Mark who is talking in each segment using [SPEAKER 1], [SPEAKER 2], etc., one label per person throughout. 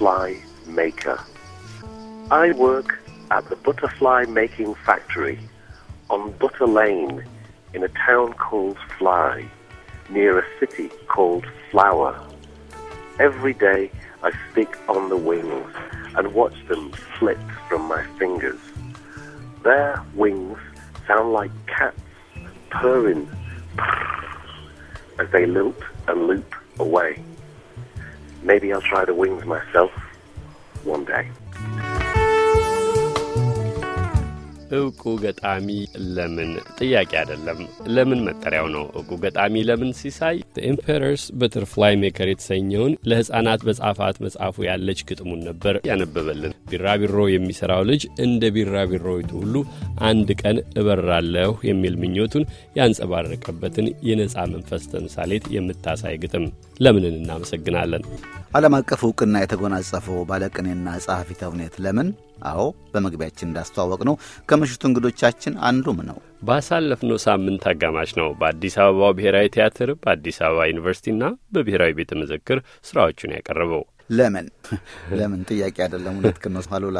[SPEAKER 1] butterfly maker. I work at the butterfly making factory on Butter Lane in a town called Fly, near a city called Flower. Every day I stick on the wings and watch them slip from my fingers. Their wings sound like cats purring as they lilt and loop away. Maybe I'll try the wings myself one day.
[SPEAKER 2] እውቁ ገጣሚ ለምን ጥያቄ አይደለም፣ ለምን መጠሪያው ነው። እውቁ ገጣሚ ለምን ሲሳይ ኤምፐረርስ በተርፍላይ ሜከር የተሰኘውን ለሕፃናት በጻፋት መጽሐፉ ያለች ግጥሙን ነበር ያነበበልን። ቢራቢሮ የሚሠራው ልጅ እንደ ቢራቢሮይቱ ሁሉ አንድ ቀን እበራለሁ የሚል ምኞቱን ያንጸባረቀበትን የነፃ መንፈስ ተምሳሌት የምታሳይ ግጥም ለምንን እናመሰግናለን። ዓለም አቀፍ እውቅና
[SPEAKER 3] የተጎናጸፈው ባለቅኔና ጸሐፊ ተውኔት ለምን? አዎ በመግቢያችን እንዳስተዋወቅ ነው ከምሽቱ እንግዶቻችን አንዱም ነው።
[SPEAKER 2] ባሳለፍነው ሳምንት አጋማሽ ነው በአዲስ አበባው ብሔራዊ ቲያትር በአዲስ አበባ ዩኒቨርሲቲና በብሔራዊ ቤተ መዘክር ስራዎቹን ያቀረበው
[SPEAKER 3] ለምን ለምን ጥያቄ አይደለም። ሁለት ክነስ አሉላ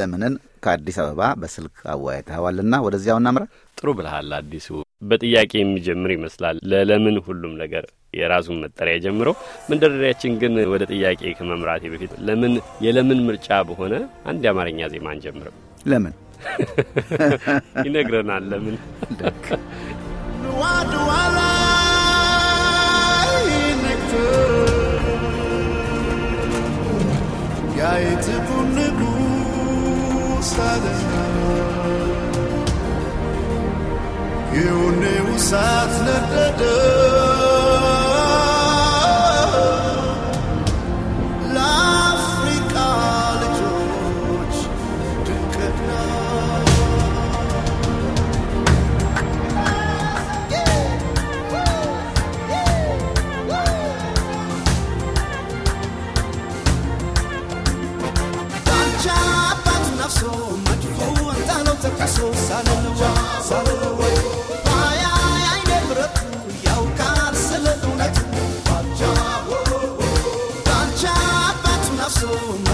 [SPEAKER 3] ለምንን ከአዲስ አበባ በስልክ አወያይተዋልና ወደዚያው እናምራ።
[SPEAKER 2] ጥሩ ብልሃል አዲሱ። በጥያቄ የሚጀምር ይመስላል ለለምን ሁሉም ነገር የራሱን መጠሪያ የጀምረው መንደርደሪያችን ግን ወደ ጥያቄ ከመምራቴ በፊት ለምን የለምን ምርጫ በሆነ አንድ የአማርኛ ዜማ አንጀምርም? ለምን ይነግረናል። ለምን ልክ
[SPEAKER 4] You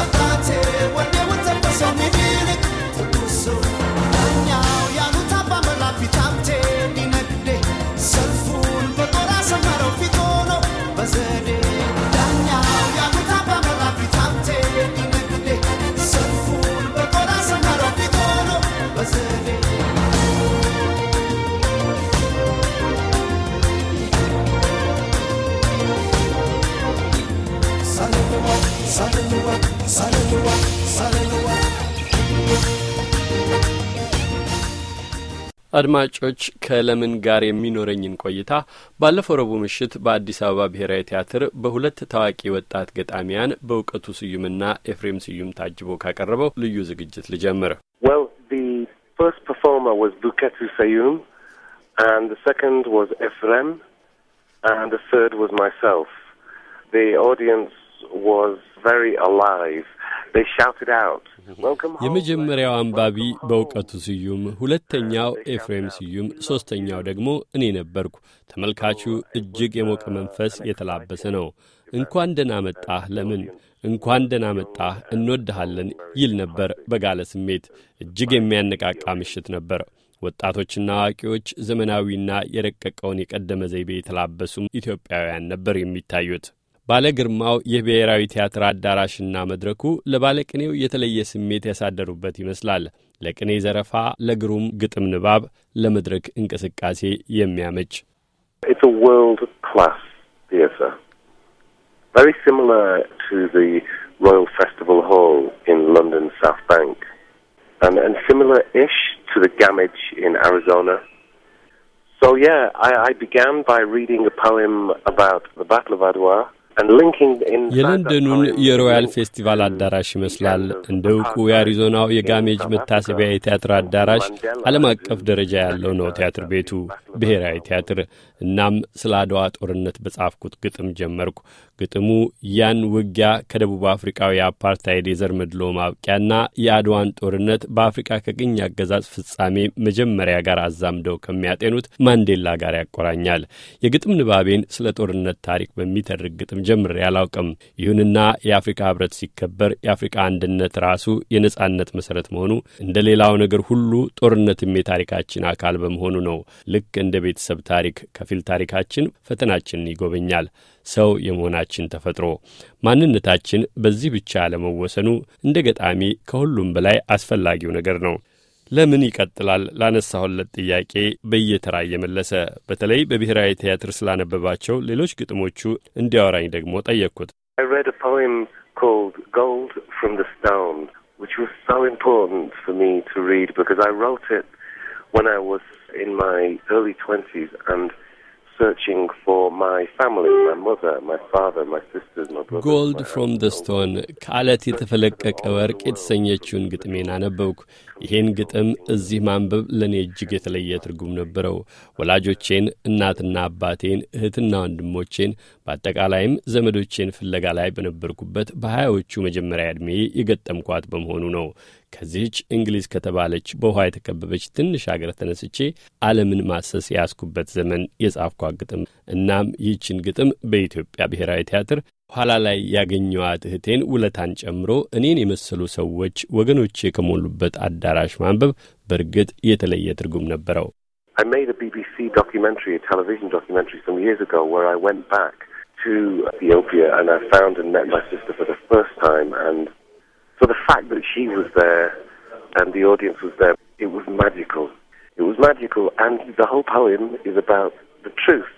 [SPEAKER 4] A
[SPEAKER 2] አድማጮች ከለምን ጋር የሚኖረኝን ቆይታ ባለፈው ረቡዕ ምሽት በአዲስ አበባ ብሔራዊ ቲያትር በሁለት ታዋቂ ወጣት ገጣሚያን በእውቀቱ ስዩምና ኤፍሬም ስዩም ታጅቦ ካቀረበው ልዩ ዝግጅት ልጀምር። ኤፍሬም የመጀመሪያው አንባቢ በእውቀቱ ስዩም፣ ሁለተኛው ኤፍሬም ስዩም፣ ሦስተኛው ደግሞ እኔ ነበርኩ። ተመልካቹ እጅግ የሞቀ መንፈስ የተላበሰ ነው። እንኳን ደህና መጣህ ለምን እንኳን ደህና መጣህ እንወድሃለን ይል ነበር በጋለ ስሜት። እጅግ የሚያነቃቃ ምሽት ነበር። ወጣቶችና አዋቂዎች ዘመናዊና የረቀቀውን የቀደመ ዘይቤ የተላበሱም ኢትዮጵያውያን ነበር የሚታዩት። ባለ ግርማው የብሔራዊ ቲያትር አዳራሽና መድረኩ ለባለቅኔው የተለየ ስሜት ያሳደሩበት ይመስላል። ለቅኔ ዘረፋ፣ ለግሩም ግጥም ንባብ፣ ለመድረክ እንቅስቃሴ የሚያመች
[SPEAKER 1] So yeah, I, I began by reading a poem about the Battle of Adwa የለንደኑን የሮያል
[SPEAKER 2] ፌስቲቫል አዳራሽ ይመስላል። እንደ እውቁ የአሪዞናው የጋሜጅ መታሰቢያ የቲያትር አዳራሽ ዓለም አቀፍ ደረጃ ያለው ነው ቲያትር ቤቱ ብሔራዊ ቲያትር። እናም ስለ አድዋ ጦርነት በጻፍኩት ግጥም ጀመርኩ። ግጥሙ ያን ውጊያ ከደቡብ አፍሪካዊ የአፓርታይድ የዘር መድሎ ማብቂያና የአድዋን ጦርነት በአፍሪካ ከቅኝ አገዛዝ ፍጻሜ መጀመሪያ ጋር አዛምደው ከሚያጤኑት ማንዴላ ጋር ያቆራኛል። የግጥም ንባቤን ስለ ጦርነት ታሪክ በሚተርክ ግጥም ጀምሬ አላውቅም። ይሁንና የአፍሪካ ሕብረት ሲከበር የአፍሪካ አንድነት ራሱ የነጻነት መሰረት መሆኑ እንደ ሌላው ነገር ሁሉ ጦርነትም የታሪካችን አካል በመሆኑ ነው። ልክ እንደ ቤተሰብ ታሪክ ከፊል ታሪካችን ፈተናችንን ይጎበኛል። ሰው የመሆናችን ተፈጥሮ ማንነታችን በዚህ ብቻ ለመወሰኑ እንደ ገጣሚ ከሁሉም በላይ አስፈላጊው ነገር ነው። ለምን ይቀጥላል ላነሳሁለት ጥያቄ በየተራ እየመለሰ በተለይ በብሔራዊ ቲያትር ስላነበባቸው ሌሎች ግጥሞቹ እንዲያወራኝ ደግሞ ጠየቅኩት። ጎልድ ፍሮም ደ ስቶን ከአለት የተፈለቀቀ ወርቅ የተሰኘችውን ግጥሜን አነበብኩ። ይህን ግጥም እዚህ ማንበብ ለእኔ እጅግ የተለየ ትርጉም ነበረው። ወላጆቼን፣ እናትና አባቴን፣ እህትና ወንድሞቼን በአጠቃላይም ዘመዶቼን ፍለጋ ላይ በነበርኩበት በሀያዎቹ መጀመሪያ ዕድሜ የገጠምኳት በመሆኑ ነው። ከዚህች እንግሊዝ ከተባለች በውኃ የተከበበች ትንሽ አገር ተነስቼ ዓለምን ማሰስ የያዝኩበት ዘመን የጻፍኳ ግጥም። እናም ይህችን ግጥም በኢትዮጵያ ብሔራዊ ቲያትር ኋላ ላይ ያገኘዋት እህቴን ውለታን ጨምሮ እኔን የመሰሉ ሰዎች ወገኖቼ ከሞሉበት አዳራሽ ማንበብ በእርግጥ የተለየ ትርጉም ነበረው።
[SPEAKER 1] I So the fact that she was there and the audience was there, it was magical. It was magical, and the whole poem is about the truth.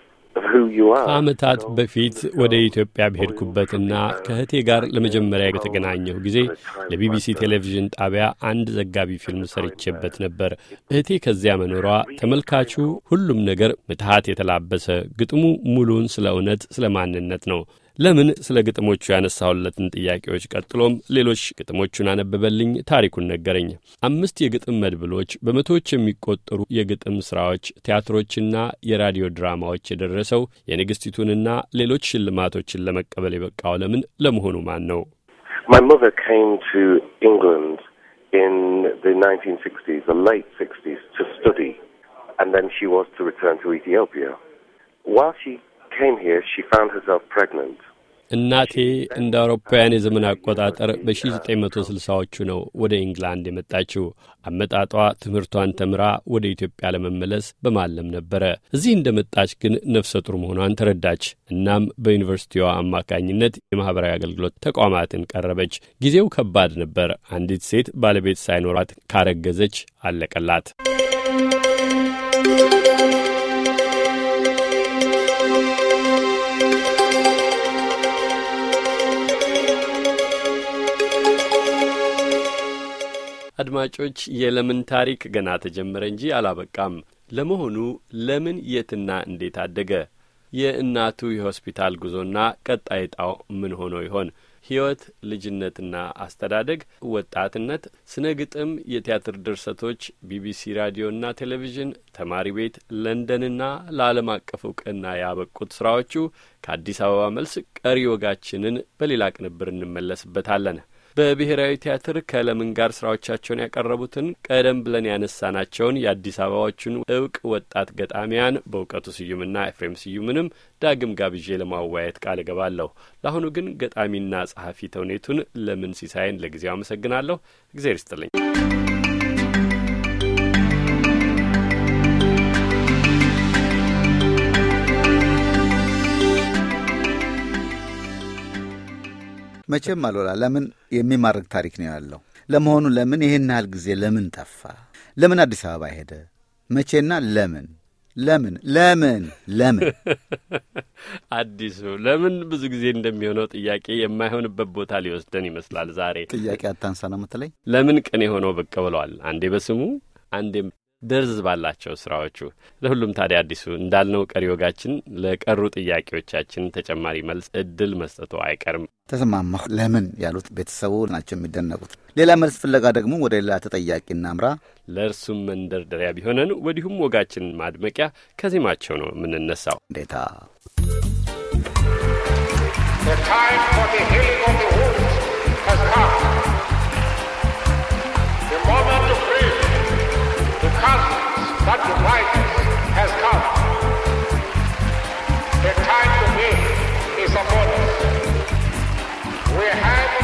[SPEAKER 2] ከዓመታት በፊት ወደ ኢትዮጵያ በሄድኩበትና ከእህቴ ጋር ለመጀመሪያ በተገናኘሁ ጊዜ ለቢቢሲ ቴሌቪዥን ጣቢያ አንድ ዘጋቢ ፊልም ሰርቼበት ነበር። እህቴ ከዚያ መኖሯ ተመልካቹ ሁሉም ነገር ምትሃት የተላበሰ ግጥሙ ሙሉውን ስለ እውነት ስለ ማንነት ነው። ለምን ስለ ግጥሞቹ ያነሳሁለትን ጥያቄዎች ቀጥሎም ሌሎች ግጥሞቹን አነበበልኝ፣ ታሪኩን ነገረኝ። አምስት የግጥም መድብሎች፣ በመቶዎች የሚቆጠሩ የግጥም ስራዎች፣ ቲያትሮችና የራዲዮ ድራማዎች የደረሰው የንግሥቲቱንና ሌሎች ሽልማቶችን ለመቀበል የበቃው ለምን ለመሆኑ ማን ነው?
[SPEAKER 1] My mother came to England in the 1960s, the late 60s, to study, and then she was to return to Ethiopia. While she
[SPEAKER 2] እናቴ እንደ አውሮፓውያን የዘመን አቆጣጠር በ1960ዎቹ ነው ወደ ኢንግላንድ የመጣችው። አመጣጧ ትምህርቷን ተምራ ወደ ኢትዮጵያ ለመመለስ በማለም ነበረ። እዚህ እንደ መጣች ግን ነፍሰ ጡር መሆኗን ተረዳች። እናም በዩኒቨርሲቲዋ አማካኝነት የማኅበራዊ አገልግሎት ተቋማትን ቀረበች። ጊዜው ከባድ ነበር። አንዲት ሴት ባለቤት ሳይኖራት ካረገዘች አለቀላት። አድማጮች የለምን ታሪክ ገና ተጀመረ እንጂ አላበቃም። ለመሆኑ ለምን የትና እንዴት አደገ? የእናቱ የሆስፒታል ጉዞና ቀጣይ ጣው ምን ሆኖ ይሆን? ሕይወት፣ ልጅነትና አስተዳደግ፣ ወጣትነት፣ ስነ ግጥም፣ የቲያትር ድርሰቶች፣ ቢቢሲ ራዲዮና ቴሌቪዥን፣ ተማሪ ቤት፣ ለንደንና ለዓለም አቀፍ እውቅና ያበቁት ስራዎቹ ከአዲስ አበባ መልስ ቀሪ ወጋችንን በሌላ ቅንብር እንመለስበታለን። በብሔራዊ ቲያትር ከለምን ጋር ስራዎቻቸውን ያቀረቡትን ቀደም ብለን ያነሳናቸውን የአዲስ አበባዎቹን እውቅ ወጣት ገጣሚያን በእውቀቱ ስዩምና ኤፍሬም ስዩምንም ዳግም ጋብዤ ለማዋየት ቃል እገባለሁ። ለአሁኑ ግን ገጣሚና ጸሐፊ ተውኔቱን ለምን ሲሳይን ለጊዜው አመሰግናለሁ። እግዜር ይስጥልኝ።
[SPEAKER 3] መቼም አልወላ ለምን የሚማርክ ታሪክ ነው ያለው። ለመሆኑ ለምን ይህን ያህል ጊዜ ለምን ጠፋ? ለምን አዲስ አበባ ሄደ? መቼና ለምን ለምን ለምን ለምን
[SPEAKER 2] አዲሱ ለምን ብዙ ጊዜ እንደሚሆነው ጥያቄ የማይሆንበት ቦታ ሊወስደን ይመስላል። ዛሬ ጥያቄ
[SPEAKER 3] አታንሳ ነው የምትለኝ?
[SPEAKER 2] ለምን ቅን የሆነው ብቅ ብሏል። አንዴ በስሙ አንዴም ደርዝ ባላቸው ስራዎቹ። ለሁሉም ታዲያ አዲሱ እንዳልነው ቀሪ ወጋችን ለቀሩ ጥያቄዎቻችን ተጨማሪ መልስ እድል መስጠቱ አይቀርም።
[SPEAKER 3] ተስማማሁ። ለምን ያሉት
[SPEAKER 2] ቤተሰቡ ናቸው
[SPEAKER 3] የሚደነቁት። ሌላ መልስ ፍለጋ ደግሞ ወደ ሌላ ተጠያቂ እናምራ።
[SPEAKER 2] ለእርሱም መንደርደሪያ ቢሆነን ወዲሁም ወጋችን ማድመቂያ ከዜማቸው ነው የምንነሳው። እንዴታ
[SPEAKER 1] The The has come. The time to be is upon us. We have